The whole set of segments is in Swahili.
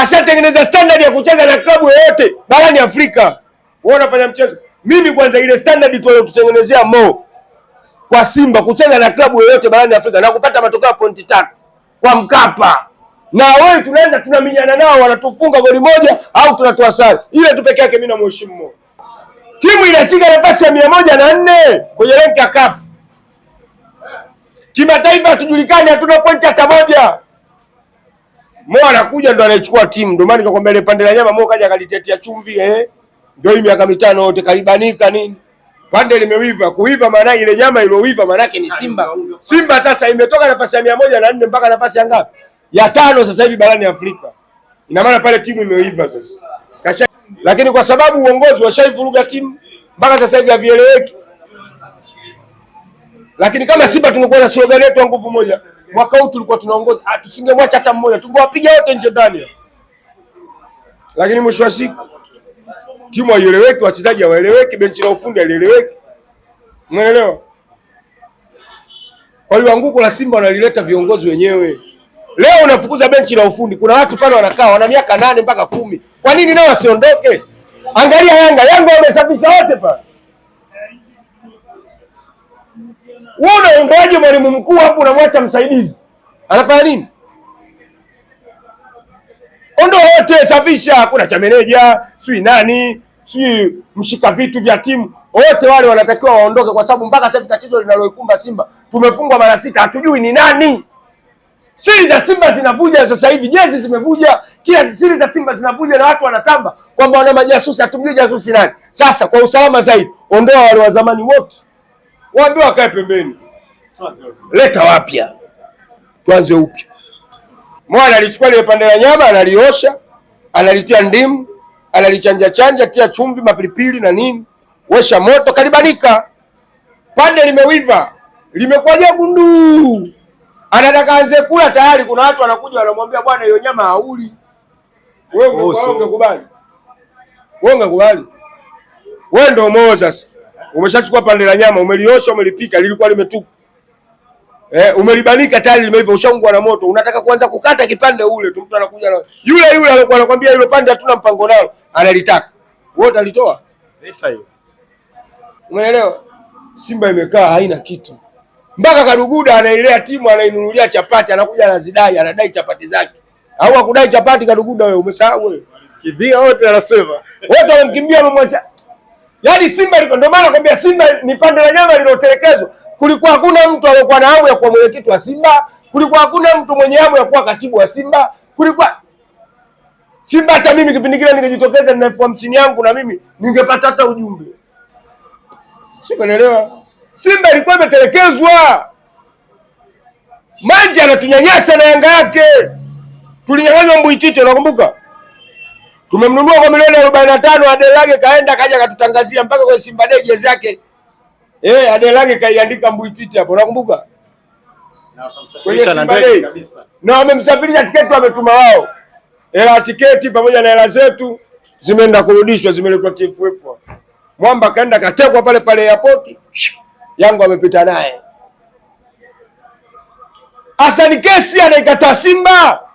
kashatengeneza standard ya kucheza na klabu yoyote barani Afrika. Wewe unafanya mchezo. Mimi kwanza ile standard tuliyotutengenezea Mo kwa Simba kucheza na klabu yoyote barani Afrika na kupata matokeo ya pointi tatu kwa Mkapa. Na wewe tunaenda tunaminyana nao wanatufunga goli moja au tunatoa sare. Ile tu peke yake mimi namheshimu Mo. Timu inashika nafasi ya mia moja na nne kwenye renki ya CAF. Kimataifa hatujulikani, hatuna pointi hata moja. Mo anakuja ndo anachukua timu, ndio maana nikakwambia ile pande la nyama Mo kaja akalitetea chumvi eh, ndio hii miaka mitano yote kalibanika nini, pande limewiva. Kuiva maana ile nyama iliyoiva maana yake ni Simba. Simba sasa imetoka nafasi ya mia moja na nne mpaka nafasi ya ngapi? Ya tano sasa hivi barani Afrika. Ina maana pale timu imeuiva sasa Kasha, lakini kwa sababu uongozi washaivuruga timu mpaka sasa hivi havieleweki. Lakini kama Simba tungekuwa na slogan yetu nguvu moja Mwaka huu tulikuwa tunaongoza, ah, tusingemwacha hata mmoja, tungewapiga wote nje ndani, lakini mwisho wa siku timu haieleweki, wachezaji hawaeleweki, benchi la ufundi halieleweki, umeelewa? Kwa hiyo anguko la Simba wanalileta viongozi wenyewe. Leo unafukuza benchi la ufundi, kuna watu pale wanakaa wana miaka nane mpaka kumi. Kwa nini nao wasiondoke? Angalia Yanga, Yanga wamesafisha wote pale Wewe unaondoaje mwalimu mkuu hapo, unamwacha msaidizi anafanya nini? Ondoa wote, safisha. Kuna cha meneja sijui nani sijui mshika vitu vya timu, wote wale wanatakiwa waondoke, kwa sababu mpaka sasa hivi tatizo linaloikumba Simba tumefungwa mara sita, hatujui ni nani. Siri za Simba zinavuja sasa hivi, jezi zimevuja, kila siri za Simba zinavuja na watu wanatamba kwamba wana majasusi, hatumjui jasusi nani. Sasa kwa usalama zaidi, ondoa wale wa zamani wote waambie wakae pembeni, leta wapya, tuanze upya. Mwana alichukua lile pande la nyama, analiosha, analitia ndimu, analichanja chanja, tia chumvi, mapilipili na nini, wesha moto, kalibanika. Pande limewiva limekuwa jekundu, anataka anze kula tayari. Kuna watu wanakuja wanamwambia, bwana, hiyo nyama hauli wewe. Oh, ungekubali? Wewe ungekubali? Wewe ndio umeoza sasa Umeshachukua pande la nyama, umeliosha, umelipika, lilikuwa limetupa. Eh, umelibanika tayari limeiva, ushaungwa na moto. Unataka kuanza kukata kipande ule tu, mtu anakuja na yule yule alikuwa anakuambia yule pande hatuna mpango nalo, analitaka. Wewe utalitoa? Leta hiyo. Umeelewa? Simba imekaa haina kitu. Mpaka Kaduguda anailea timu anainunulia chapati anakuja anazidai, anadai chapati zake. Au hakudai chapati Kaduguda wewe, umesahau wewe. Kidhia wote anasema. Wote wamkimbia wamemwacha Yaani Simba liko ndio maana nakwambia Simba ni pande la nyama lilotelekezwa. Kulikuwa hakuna mtu aliyokuwa na hamu ya kuwa mwenyekiti wa Simba, kulikuwa hakuna mtu mwenye hamu ya kuwa katibu wa Simba, kulikuwa Simba. Hata mimi kipindi kile ningejitokeza na elfu hamsini yangu na mimi ningepata hata ujumbe, sikuelewa. Simba ilikuwa imetelekezwa. maji anatunyanyasa na Yanga yake, tulinyang'anywa Mbuitite, unakumbuka? Tumemnunua kwa milioni arobaini na tano Adelage kaenda kaja katutangazia mpaka kwa Simba Day jezi yake. Eh, Adelage kaiandika mbui hapo unakumbuka? kwenye Simba na kabisa. Na wamemsafirisha tiketi wametuma wao. Hela tiketi pamoja na hela zetu zimeenda kurudishwa zimeletwa TFF. Mwamba kaenda katekwa pale pale airport. Yangu amepita naye. Asa ni kesi anaikataa Simba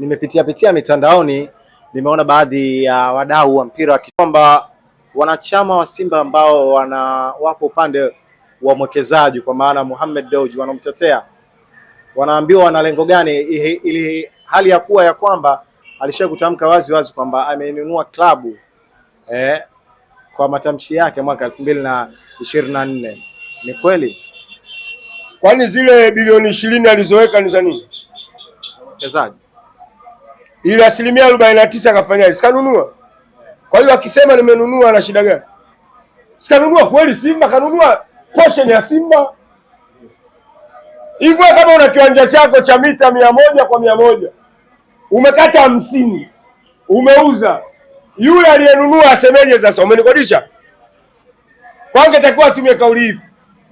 nimepitia pitia mitandaoni, nimeona baadhi ya uh, wadau wa mpira wakiomba wanachama wa Simba ambao wana wapo upande wa mwekezaji kwa maana Mohamed Dewji wanamtetea, wanaambiwa wana lengo gani, ili hali ya kuwa ya kwamba alisha kutamka wazi wazi kwamba amenunua klabu eh, kwa matamshi yake mwaka elfu mbili na ishirini na nne. Ni kweli? Kwani zile bilioni ishirini alizoweka ni za nini mwekezaji? ile asilimia arobaini na tisa akafanyaje? Sikanunua. Kwa hiyo akisema nimenunua, ana shida gani? Sikanunua kweli. Simba kanunua portion ya Simba hivyo. Kama una kiwanja chako cha mita mia moja kwa mia moja umekata hamsini umeuza, yule aliyenunua asemeje? Sasa umenikodisha kwange, takiwa atumie kauli hii.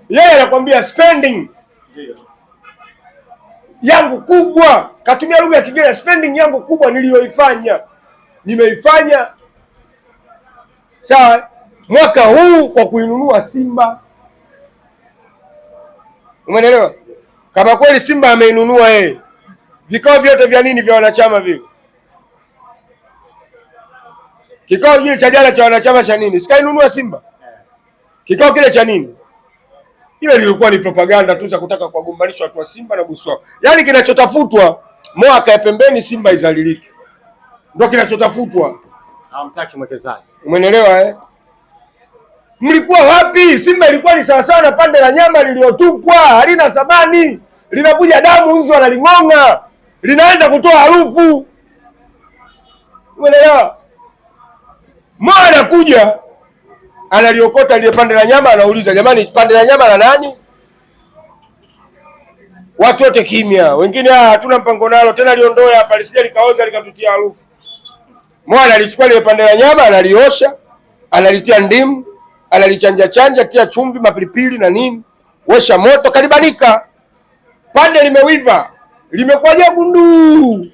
Yeye anakwambia spending yangu kubwa, katumia lugha ya Kiingereza. Spending yangu kubwa niliyoifanya nimeifanya sawa mwaka huu kwa kuinunua Simba. Umeelewa? Kama kweli Simba ameinunua yeye, vikao vyote vya nini vya wanachama vile, kikao kile cha jana cha wanachama cha nini, sikainunua Simba, kikao kile cha nini ile lilikuwa ni propaganda tu za kutaka kuwagombanisha watu wa Simba na buswa Yaani kinachotafutwa Mo akae pembeni, Simba izalilike, ndio kinachotafutwa. Hamtaki mwekezaji, umeelewa eh? Mlikuwa wapi? Simba ilikuwa ni sawasawa na pande la nyama liliyotupwa halina thamani, linavuja damu, nzi wanaling'ong'a, linaweza kutoa harufu, umeelewa? Mo anakuja analiokota lile pande la nyama, anauliza jamani, pande la nyama la nani? Watu wote kimya, wengine ah, hatuna mpango nalo tena, liondoe hapa lisije likaoza likatutia harufu. Mwana alichukua lile pande la nyama, analiosha, analitia ndimu, analichanja chanja, tia chumvi, mapilipili na nini, wesha moto, kalibanika. Pande limewiva, limekuwa jekundu,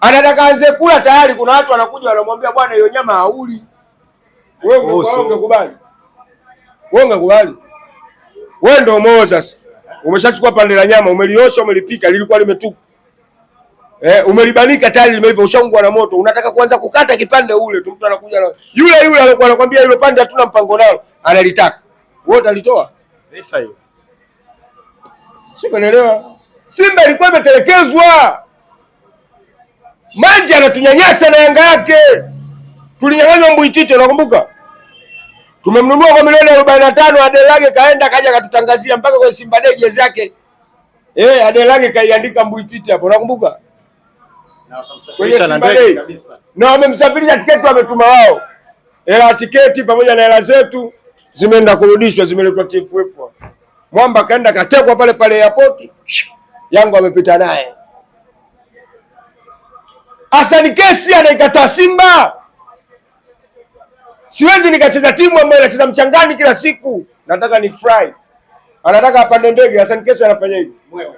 anataka anze kula tayari. Kuna watu wanakuja wanamwambia, bwana, hiyo nyama hauli Oh, Wewe ungekubali? Wewe ungekubali? Wewe ndio umeoza sasa. Umeshachukua pande la nyama, umeliosha, umelipika, lilikuwa limetupa. Eh, umelibanika tayari limeiva, ushaungwa na moto. Unataka kuanza kukata kipande ule tu, mtu anakuja na yule yule alikuwa anakuambia yule pande hatuna mpango nalo, analitaka. Wewe utalitoa? Leta hiyo. Sikuelewa. Simba ilikuwa imetelekezwa. Maji anatunyanyasa na Yanga yake tulinyang'anywa Mbuitite, nakumbuka tumemnunua kwa milioni arobaini na tano Adelage kaenda kaja katutangazia mpaka kwenye Simba Day jezi yake eh, Adelage kaiandika Mbuitite hapo, nakumbuka kwenye Simba Day na wamemsafirisha tiketi, wametuma wao hela tiketi pamoja na hela zetu zimeenda kurudishwa, zimeletwa TFF. Mwamba kaenda katekwa pale pale airport, yangu amepita naye. Hassan Kessie anaikataa Simba Siwezi nikacheza timu ambayo inacheza mchangani kila siku, nataka ni fry. Anataka apande ndege, Hassan Kesa anafanya hivi mwewe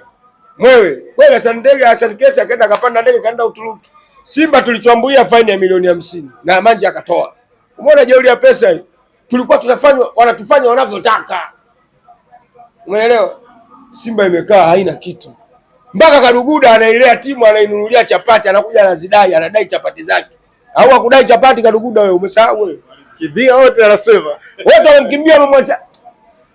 mwewe kweli. Hassan ndege, Hassan Kesa akaenda akapanda ndege, kaenda Uturuki. Simba tulichoambulia faini ya milioni hamsini na Manje akatoa. Umeona jeuri ya pesa hii, tulikuwa tunafanywa, wanatufanya wanavyotaka, umeelewa? Simba imekaa haina kitu mpaka Kaduguda anailea timu anainunulia chapati, anakuja anazidai, anadai chapati zake au akudai chapati Kaduguda? Wewe umesahau wewe? kimbia wote, anasema wote wamkimbia mmoja,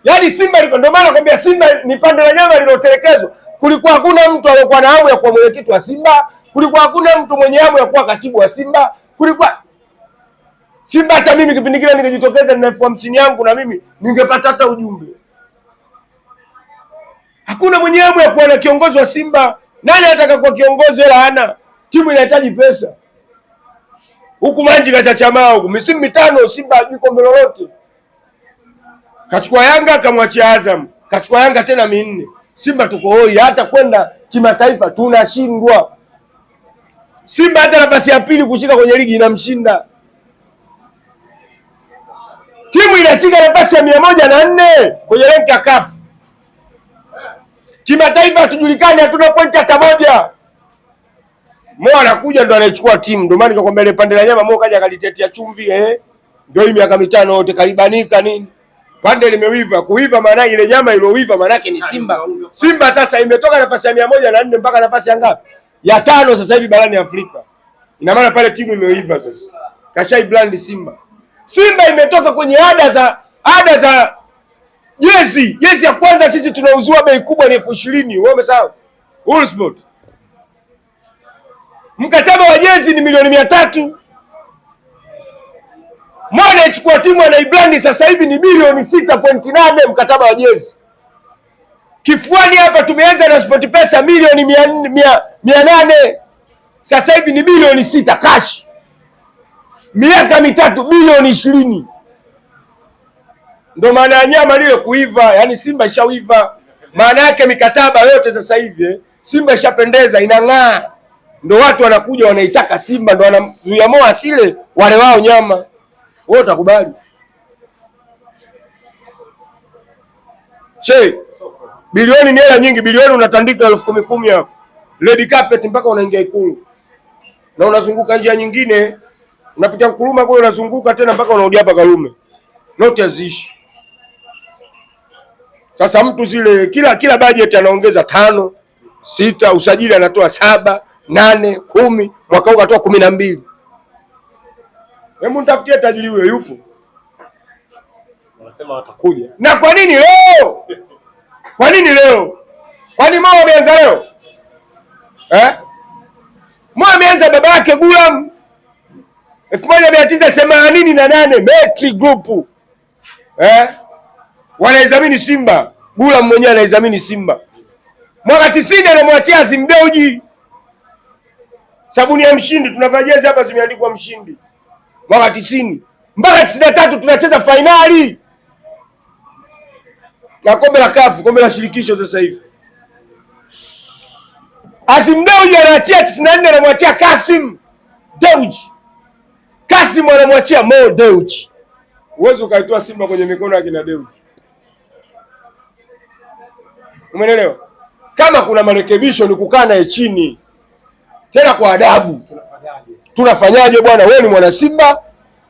yaani Simba liko. Ndio maana nakwambia Simba ni pande la nyama lililotelekezwa. Kulikuwa hakuna mtu aliyokuwa na hamu ya kuwa mwenyekiti wa Simba, kulikuwa hakuna mtu mwenye hamu ya kuwa katibu wa Simba, kulikuwa Simba. Hata mimi kipindi kile ningejitokeza ninaifua mchini yangu, na mimi ningepata hata ujumbe. Hakuna mwenye hamu ya kuwa na kiongozi wa Simba. Nani anataka kuwa kiongozi? Hela hana, timu inahitaji pesa huku Manji kachachamaa huku misimu mitano Simba hajui kombe lolote. Kachukua Yanga kamwachia Azam, kachukua Yanga tena minne. Simba tuko hoi, hata kwenda kimataifa tunashindwa. Simba hata nafasi ya pili kushika kwenye ligi inamshinda. Timu inashika nafasi ya mia moja na nne kwenye renki ya kafu kimataifa, hatujulikani, hatuna pointi hata moja. Mo anakuja ndo anachukua timu, ndio maana nikakwambia ile pande la nyama Mo kaja akalitetea chumvi eh, ndio hii miaka mitano yote kalibanika nini, pande limewiva. Kuiva maana ile nyama iliyoiva maana yake ni Simba. Simba sasa imetoka nafasi ya 104 mpaka nafasi ya ngapi? Ya tano sasa hivi barani Afrika. Ina maana pale timu imeiva sasa, kashai brand Simba. Simba imetoka kwenye ada za ada za jezi jezi ya kwanza sisi tunauzua bei kubwa ni elfu ishirini. Wewe umesahau? Ulsport. Mkataba wa jezi ni milioni mia tatu. Mwana ichukua timu ana sasa hivi ni bilioni sita pointi nane mkataba wa jezi. Kifuani hapa tumeanza na Sport Pesa milioni mia, mia, mia nane sasa hivi ni bilioni sita cash. Miaka mitatu bilioni ishirini. Ndo maana ya nyama lile kuiva, yani Simba ishawiva. Maana yake mikataba yote sasa hivi eh, Simba ishapendeza, inang'aa ndo watu wanakuja wanaitaka Simba, ndo wanazuia Mo asile wale wao nyama. Wewe utakubali? Che, bilioni ni hela nyingi, bilioni unatandika elfu kumi kumi hapo red carpet mpaka unaingia Ikulu na unazunguka njia nyingine, unapitia Nkuruma kule unazunguka tena mpaka unarudi hapa Karume, noti haziishi. Sasa mtu zile kila kila bajeti anaongeza tano sita, usajili anatoa saba nane kumi, mwaka huu katoa kumi na mbili. Hebu nitafutie tajiri huyo, yupo wanasema watakuja. Na kwa nini leo? Kwa nini leo? Kwani Mo ameanza leo eh? Mo ameanza baba yake Gulam elfu moja mia tisa themanini na nane Metri Group eh? wanaidhamini Simba. Gulam mwenyewe anaidhamini Simba mwaka tisini, anamwachia Azimbeuji sabuni ya mshindi, tunavaa jezi hapa zimeandikwa mshindi mwaka tisini mpaka tisini na tatu tunacheza fainali na kombe la kafu kombe la shirikisho. Sasa hivi Azim Deuji anaachia tisini na nne anamwachia Kasim Deuji, Kasim anamwachia Mo Deuji. Uwezi ukaitoa Simba kwenye mikono ya kina Deuji, umeelewa? Kama kuna marekebisho ni kukaa naye chini tena kwa adabu. Tunafanyaje bwana? Wewe ni mwana Simba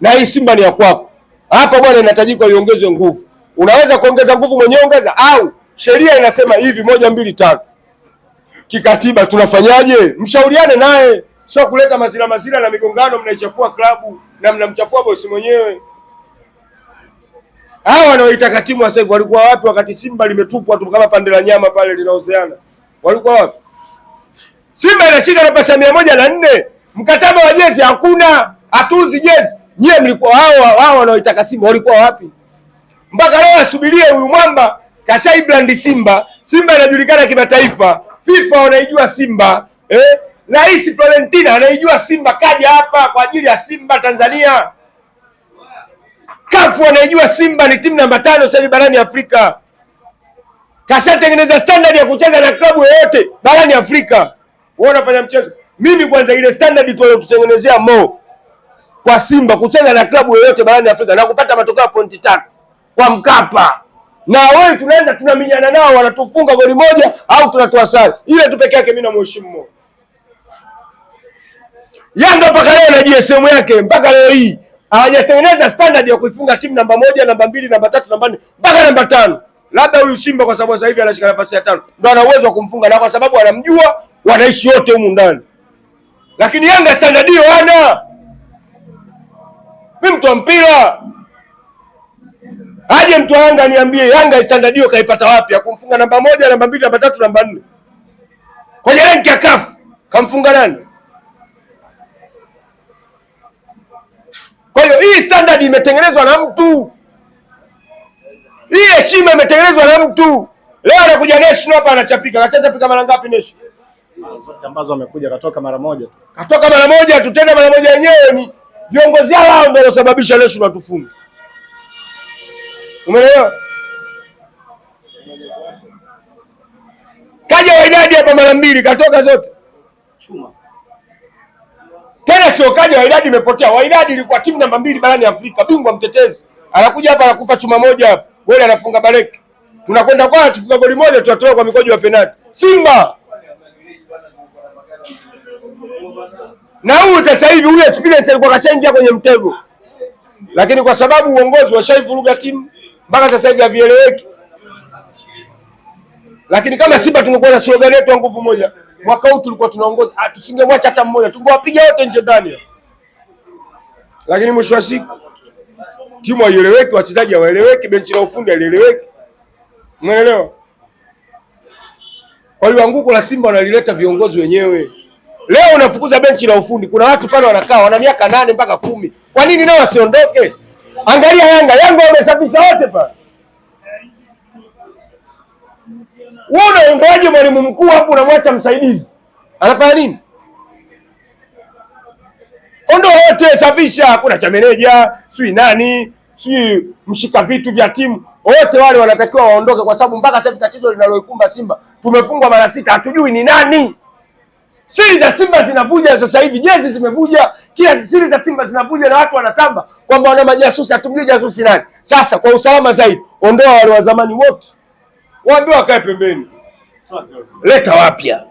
na hii Simba ni ya kwako. Hapa bwana, inahitajika iongezwe nguvu. Unaweza kuongeza nguvu mwenyewe, ongeza au sheria inasema hivi, moja mbili tatu. Kikatiba tunafanyaje? Mshauriane naye, sio kuleta mazira mazira na migongano. Mnaichafua klabu na mnamchafua bosi mwenyewe. Hawa wanaoita katimu sasa hivi walikuwa wapi wakati Simba limetupwa tu kama pande la nyama pale linaozeana? Walikuwa wapi? Simba inashika na pesa mia moja na nne. Mkataba wa jezi hakuna, hatuuzi jezi. Nyie mlikuwa hao hao wanaoitaka Simba walikuwa wapi? Mpaka leo asubirie huyu mwamba kashaibrandi Simba. Simba inajulikana kimataifa, FIFA wanaijua Simba eh? Rais Florentina anaijua Simba, kaja hapa kwa ajili ya Simba Tanzania. Kafu wanaijua Simba ni timu namba tano sasa hivi barani Afrika, kashatengeneza standard ya kucheza na klabu yoyote barani Afrika wewe unafanya mchezo. Mimi kwanza ile standard tuliyotutengenezea Mo kwa Simba kucheza na klabu yoyote barani Afrika na kupata matokeo ya pointi tatu kwa Mkapa na wewe tunaenda tunaminyana nao, wanatufunga goli moja au tunatoa sare ile tu peke yake. Mimi namheshimu Mo. Yanga mpaka leo na GSM yake mpaka leo hii hawajatengeneza standard ya kuifunga timu namba moja, namba mbili, namba tatu, namba nne mpaka namba tano labda huyu Simba kwa sababu sasa hivi anashika nafasi ya tano ndo ana uwezo wa kumfunga, na kwa sababu anamjua, wanaishi wote humu ndani, lakini Yanga standard hiyo hana. Mimi mtu wa mpira aje mtu wa Yanga aniambie Yanga standard hiyo kaipata wapi ya kumfunga namba moja, namba mbili, namba tatu, namba nne kwenye renki ya kafu kamfunga nani? Kwa hiyo hii standard imetengenezwa na mtu heshima imetengenezwa na mtu. Leo anakuja Nesh hapa anachapika. Anachapika mara ngapi Nesh? Zote ambazo amekuja katoka mara moja tu. Katoka mara moja tu, tena mara moja yenyewe ni viongozi hao ndio walosababisha Nesh natufunga. Umeelewa? Kaja Waidadi hapa mara mbili katoka zote. Chuma. Tena sio kaja Waidadi imepotea. Waidadi ilikuwa timu namba mbili barani Afrika, bingwa mtetezi. Anakuja hapa anakufa chuma moja hapa goli anafunga bareki, tunakwenda kwa tufunga goli moja, tutatoa kwa mikojo ya penalti. Simba na huyu sasa hivi huyu experience alikuwa kashaingia kwenye mtego, lakini kwa sababu uongozi washaivuruga timu mpaka sasa hivi havieleweki. Lakini kama Simba tungekuwa na slogan yetu ya nguvu moja, mwaka huu tulikuwa tunaongoza, ah, tusingemwacha hata mmoja, tungewapiga wote nje ndani, lakini mwisho wa siku timu haieleweki, wachezaji hawaeleweki, benchi la ufundi halieleweki, umeelewa? Kwa hiyo anguko la Simba wanalileta viongozi wenyewe. Leo unafukuza benchi la ufundi, kuna watu pale wanakaa wana miaka nane mpaka kumi. Kwa nini nao wasiondoke? Angalia Yanga, Yanga wamesafisha wote pale. Wewe unaondoaje mwalimu mkuu hapo, unamwacha msaidizi, anafanya nini? ondoa wote, safisha. Kuna cha meneja sijui nani sijui mshika vitu vya timu, wote wale wanatakiwa waondoke, kwa sababu mpaka sasa tatizo linaloikumba Simba tumefungwa mara sita, hatujui ni nani. Siri za Simba zinavuja sasa hivi, jezi zimevuja, kila siri za Simba zinavuja na watu wanatamba kwamba wana majasusi, hatumjui jasusi nani. Sasa kwa usalama zaidi, ondoa wale wa zamani wote, waambie wakae pembeni, leta wapya,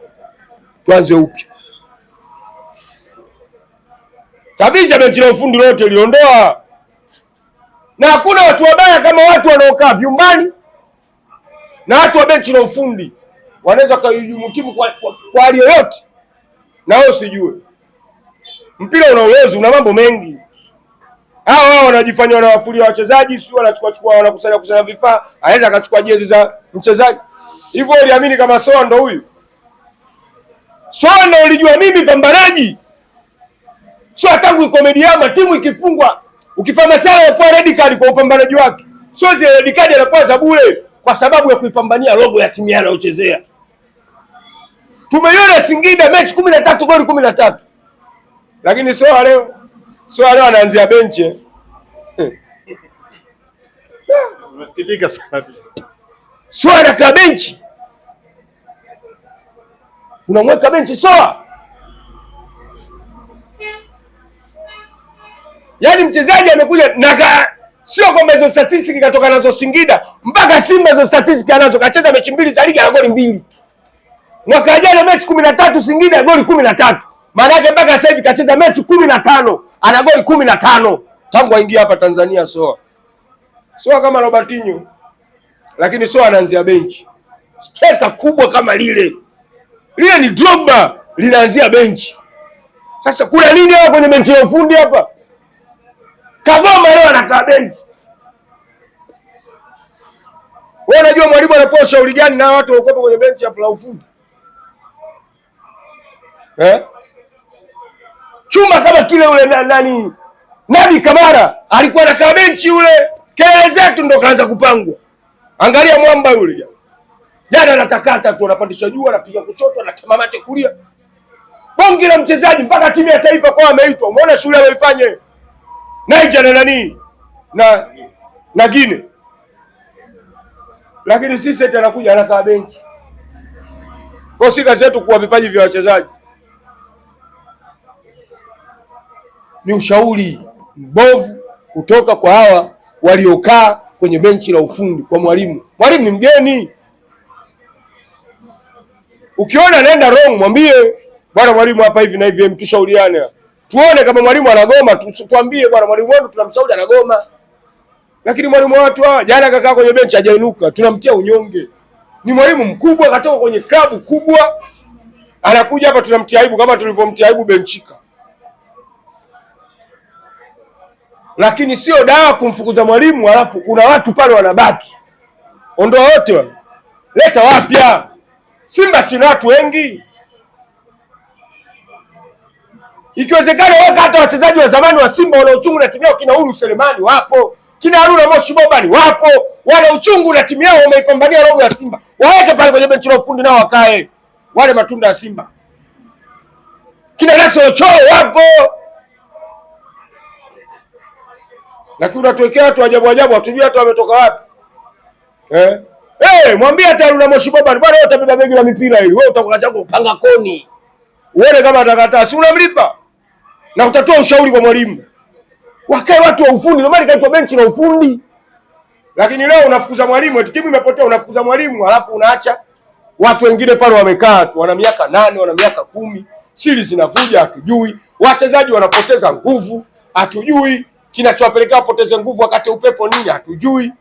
tuanze upya. Sababisha benchi la ufundi lote liondoa, na hakuna watu wabaya kama watu wanaokaa vyumbani na watu wa benchi la ufundi wanaweza wakahujumu timu kwa kwa, kwa hali yoyote, na wewe usijue. Mpira una uwezo, una mambo mengi. Hao hao wanajifanya wanawafulia wachezaji, sio wanachukua chukua, wanakusanya kusanya vifaa, anaweza akachukua jezi za mchezaji hivyo. Uliamini kama Soa ndo huyu Soa ndo ulijua mimi pambanaji sio tangu iko timu ikifungwa ukifanya masala anapewa red card kwa upambanaji wake, sio zile red card anapewa za bure kwa sababu ya kuipambania logo ya timu anayochezea. Tumeiona Singida mechi kumi na tatu goli kumi na tatu lakini soa leo, soa leo anaanzia benchi. Eh. Unasikitika sana. Sio anakaa benchi, unamweka benchi soa Yaani mchezaji amekuja na sio kwamba hizo statistics katoka nazo Singida mpaka Simba, hizo statistics anazo, kacheza mechi mbili za ligi ana goli mbili. Mwaka jana mechi 13 Singida goli 13. Maana yake mpaka sasa hivi kacheza mechi 15 ana goli 15 tangu aingia hapa Tanzania soa. Soa kama Robertinho. Lakini soa anaanzia benchi. Striker kubwa kama lile. Lile ni Drogba linaanzia benchi. Sasa kuna nini hapa kwenye benchi ya ufundi hapa? Kagoma leo anakaa benchi. Wewe unajua mwalimu anapewa shauri gani na watu waokopa kwenye benchi ya la ufundi eh? Chuma kama kile ule nani Nabi Kamara alikuwa anakaa benchi ule, kele zetu ndo kaanza kupangwa. Angalia mwamba yule jana jana, anatakata tu, anapandisha juu, anapiga kushoto, anatamamate kulia, bonge la mchezaji mpaka timu ya taifa kwa ameitwa. Umeona shule ameifanya hiyo. Niger na nani na na Gine, lakini sisi eti anakuja anakaa benchi. Kwa si kazi yetu kuwa vipaji vya wachezaji, ni ushauri mbovu kutoka kwa hawa waliokaa kwenye benchi la ufundi kwa mwalimu. Mwalimu ni mgeni, ukiona anaenda wrong mwambie bwana mwalimu, hapa hivi na hivi, mtushauriane Tuone kama mwalimu anagoma tuambie bwana, mwalimu wetu tunamshauri anagoma. Lakini mwalimu watu hawa jana kakaa kwenye benchi hajainuka, tunamtia unyonge. Ni mwalimu mkubwa, katoka kwenye klabu kubwa, anakuja hapa tunamtia aibu kama tulivyomtia aibu Benchika. Lakini sio dawa kumfukuza mwalimu, alafu kuna watu pale wanabaki. Ondoa wote wale, leta wapya. Simba sina watu wengi Ikiwezekana weka hata wachezaji wa zamani wa Simba wana uchungu na timu yao, kina Uru Selemani wapo, kina Haruna Moshi Bobani wapo, wana uchungu na timu yao, wameipambania robo ya Simba, waweke pale kwenye benchi la ufundi nao wakae wale matunda ya Simba. Kina Nelson Ocho wapo, lakini unatuwekea watu ajabu ajabu, hatujui hata wametoka wapi eh? Hey, eh, mwambie hata Haruna Moshi Bobani bwana, wewe utabeba begi la mipira hili, wewe utakuwa chako upanga koni uone kama atakataa, si unamlipa? na utatoa ushauri kwa mwalimu. Wakae watu wa ufundi, ndio maana ikaitwa benchi la ufundi. Lakini leo unafukuza mwalimu, eti timu imepotea, unafukuza mwalimu alafu unaacha watu wengine pale wamekaa tu, wana miaka nane, wana miaka kumi, siri zinavuja, hatujui. Wachezaji wanapoteza nguvu, hatujui kinachowapelekea wapoteze nguvu, wakati upepo nini, hatujui.